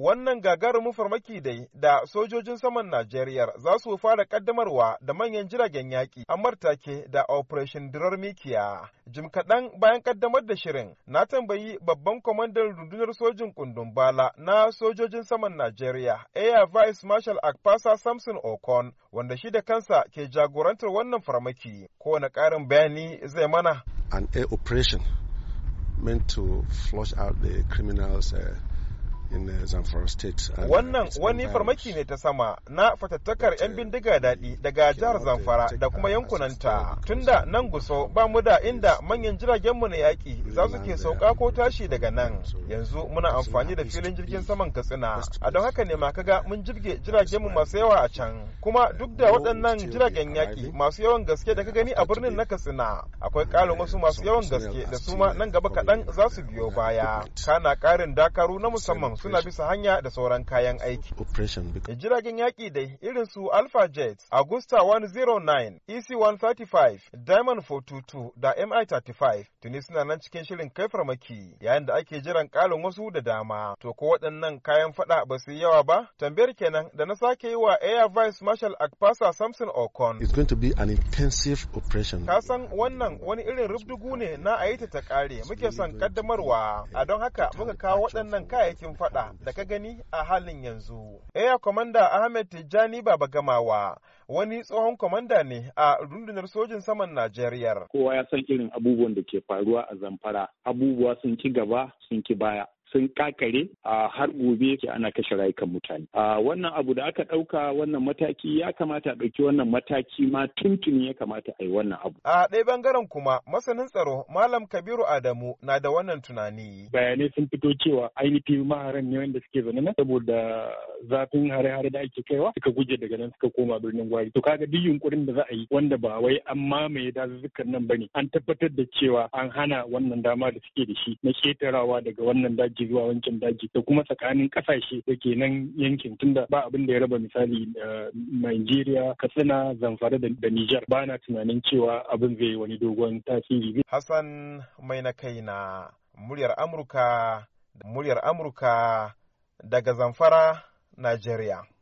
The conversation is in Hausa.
wannan gagarumin farmaki dai da sojojin saman Najeriya za su fara kaddamarwa da manyan jiragen yaƙi a martake da Operation Dirar Mikiya. Jim kaɗan bayan kaddamar da shirin na tambayi babban kwamandan rundunar sojin kundun bala na sojojin saman Najeriya Air Vice Marshal Akpasa Samson Okon wanda shi da kansa ke jagorantar wannan farmaki. Kowane ƙarin bayani zai mana. An air operation meant to flush out the criminals uh... in uh, Zamfara state. Uh, Wannan wani farmaki ne ta sama na fatattakar 'yan bindiga daɗi daga jihar Zamfara da kuma yankunanta. Tunda nan guso ba mu da inda manyan jiragenmu na yaƙi za su ke sauka ko tashi daga nan. Yanzu muna amfani da filin jirgin saman Katsina. A don haka ne ma ga mun jirge jiragenmu masu yawa a can. Kuma duk da waɗannan jiragen yaƙi masu yawan gaske da ka gani a birnin na Katsina. Akwai ƙalin wasu uh, masu yawan gaske da su ma nan gaba kaɗan za su biyo baya. Kana ƙarin dakaru na musamman suna bisa hanya da sauran kayan aiki. Jiragen yaƙi dai irin su Alpha Jet, Augusta 109, EC-135, Diamond 422 da MI-35 tuni suna nan cikin shirin kai farmaki yayin da ake jiran ƙalin wasu da dama. To ko waɗannan kayan faɗa ba su yi yawa ba? Tambayar kenan da na sake yi wa Air Vice Marshal Akpasa Samson Okon. It's going to be an intensive operation. Ka san wannan wani irin rubdugu ne na a yi ta ƙare muke son kaddamarwa. A don haka muka kawo waɗannan kayayyakin faɗa. faɗa da ka gani a halin yanzu. Air Commander Ahmed Tijjani Baba Gamawa wani tsohon komanda ne a rundunar sojin saman Najeriya. Kowa ya san irin abubuwan da ke faruwa a Zamfara. Abubuwa sun ki gaba sun ki baya. sun kakare a har gobe ke ana kashe rayukan mutane a wannan abu da aka ɗauka wannan mataki ya kamata a ɗauki wannan mataki ma tuntuni ya kamata a yi wannan abu a ɗaya bangaren kuma masanin tsaro malam kabiru adamu na da wannan tunani bayanai sun fito cewa ainihin maharan ne wanda suke zaune na saboda zafin hare-hare da ake kaiwa suka guje daga nan suka koma birnin gwari to kaga duk yunkurin da za a yi wanda ba wai an mamaye dazuzzukan nan ba ne. an tabbatar da cewa an hana wannan dama da suke da shi na ketarawa daga wannan daji daji zuwa wancan daji da kuma tsakanin kasashe da ke nan yankin tunda ba abin da ya raba misali Nigeria, Katsina, Zamfara da Nijar ba na tunanin cewa abin zai wani dogon tasiri. Hassan mai na kai na muryar Amurka muryar Amurka daga Zamfara, Najeriya.